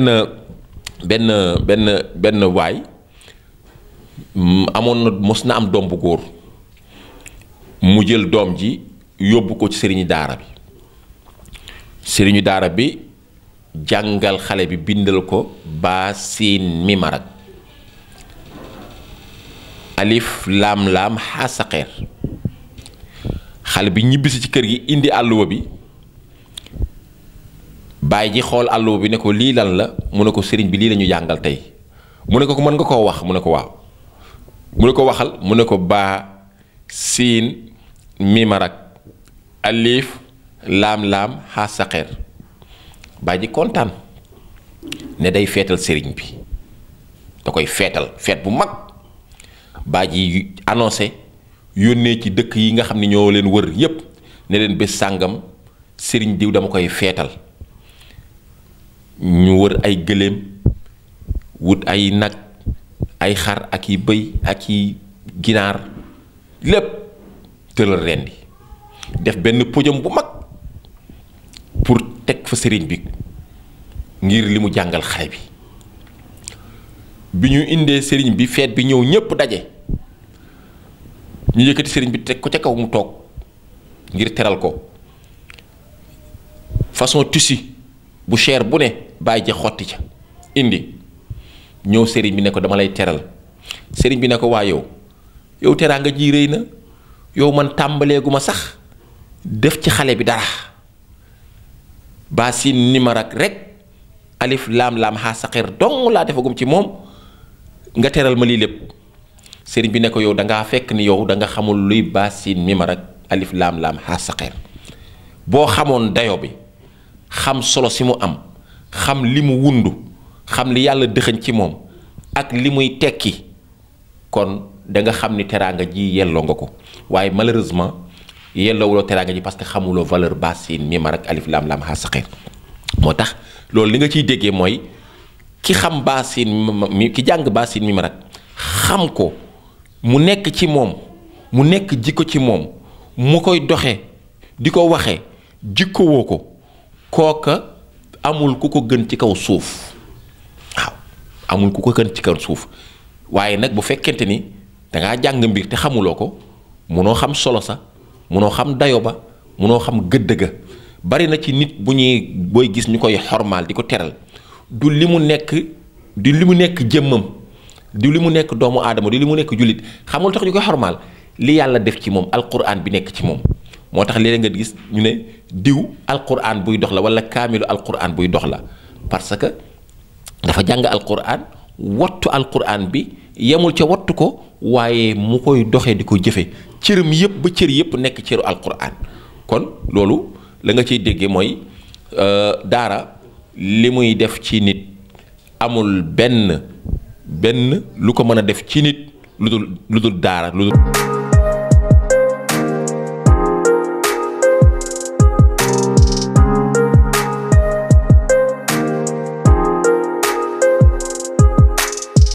na benn benn benn waay mm, amoon na mos na am doom bu góor mu jël doom ji yóbbu ko ci sëriñu daara bi sëriñu daara bi jàngal xale bi bindal ko baa siin mi marak alif laam laam xaasaqeer xale bi ñibbisi ci kër gi indi àlluwa bi baay ji xool àlluwa bi ne ko lii lan la mu ne ko sëriñ bi lii la ñu jàngal tey mu ne ko mën nga koo wax mu ne ko waaw mu ne ko waxal mu ne ko baa siin mimarak alif laam-laam xaa saqeer ji kontaan ne day feetal sëriñ bi da koy feetal feet bu mag baay ji annoncé yónnee ci dëkk yi nga xam ne ñoo leen wër yépp ne leen bés sàngam sëriñ diw dama koy feetal ñu wër ay gëléem wut ay nag ay xar ak i bëy ak i ginaar lépp tëral rendi def benn pojam bu mag pour teg fa sëriñ bi ngir li mu jàngal xale bi bi ñu indee sëriñ bi feet bi ñëw ñépp daje ñu yëkkati sëriñ bi teg ko ca kaw mu toog ngir teral ko façon tissu bu cher bu ne bàyyi ja xotti ca indi ñëw sëriñ bi ne ko dama lay teral sëriñ bi ne ko waa yow yow nga ji rëy na yow man tàmbaleegu ma sax def ci xale bi dara baa si nimarak rek alif laam laam xaa saqir laa defagum ci moom nga teral ma lii lépp sëriñ bi ne ko yow da fekk ni yow danga xamul luy baa si nimarak alif laam laam xaa boo xamoon dayo bi xam solo si mu am xam li mu wundu xam li yàlla dëxëñ ci moom ak li muy tekki kon danga xam ni teraanga ji yelloo nga ko waaye malheureusement yelloowuloo teraanga ji parce que xamuloo valeur basse yin mimar ak alif lam lam xaasaqir moo tax loolu li nga ciy déggee mooy ki xam basse yin ki jàng basse yin mimar ak xam ko mu nekk ci moom mu nekk jikko ci moom mu koy doxe di ko waxe jikkowoo ko kooka amul ku ko gën ci kaw suuf waaw amul ku ko gën ci kaw suuf waaye nag bu fekkente ni dangaa jàng mbir te xamuloo ko munoo xam solo sa munoo xam dayo ba munoo xam gëdd ga bari na ci nit bu ñuy booy gis ñu koy xormaal di ko teral du li mu nekk du li mu nekk jëmmam du li mu nekk doomu aadama du li mu nekk jullit xamul tax ñu koy xormaal li yàlla def ci moom alquran bi nekk ci moom moo tax léeg nga gis ñu ne diw alquran buy dox la wala kaamilu alquran buy dox la parce que dafa jàng alquran wattu alquran bi yemul ca wattu ko waaye mu koy doxee di ko jëfe cëram yëpp ba cër yëpp nekk cëru alquran kon loolu la nga ciy déggee mooy euh, daara li muy def ci nit amul benn benn lu ko mën a def ci nit lu dul lu dul daara lu dul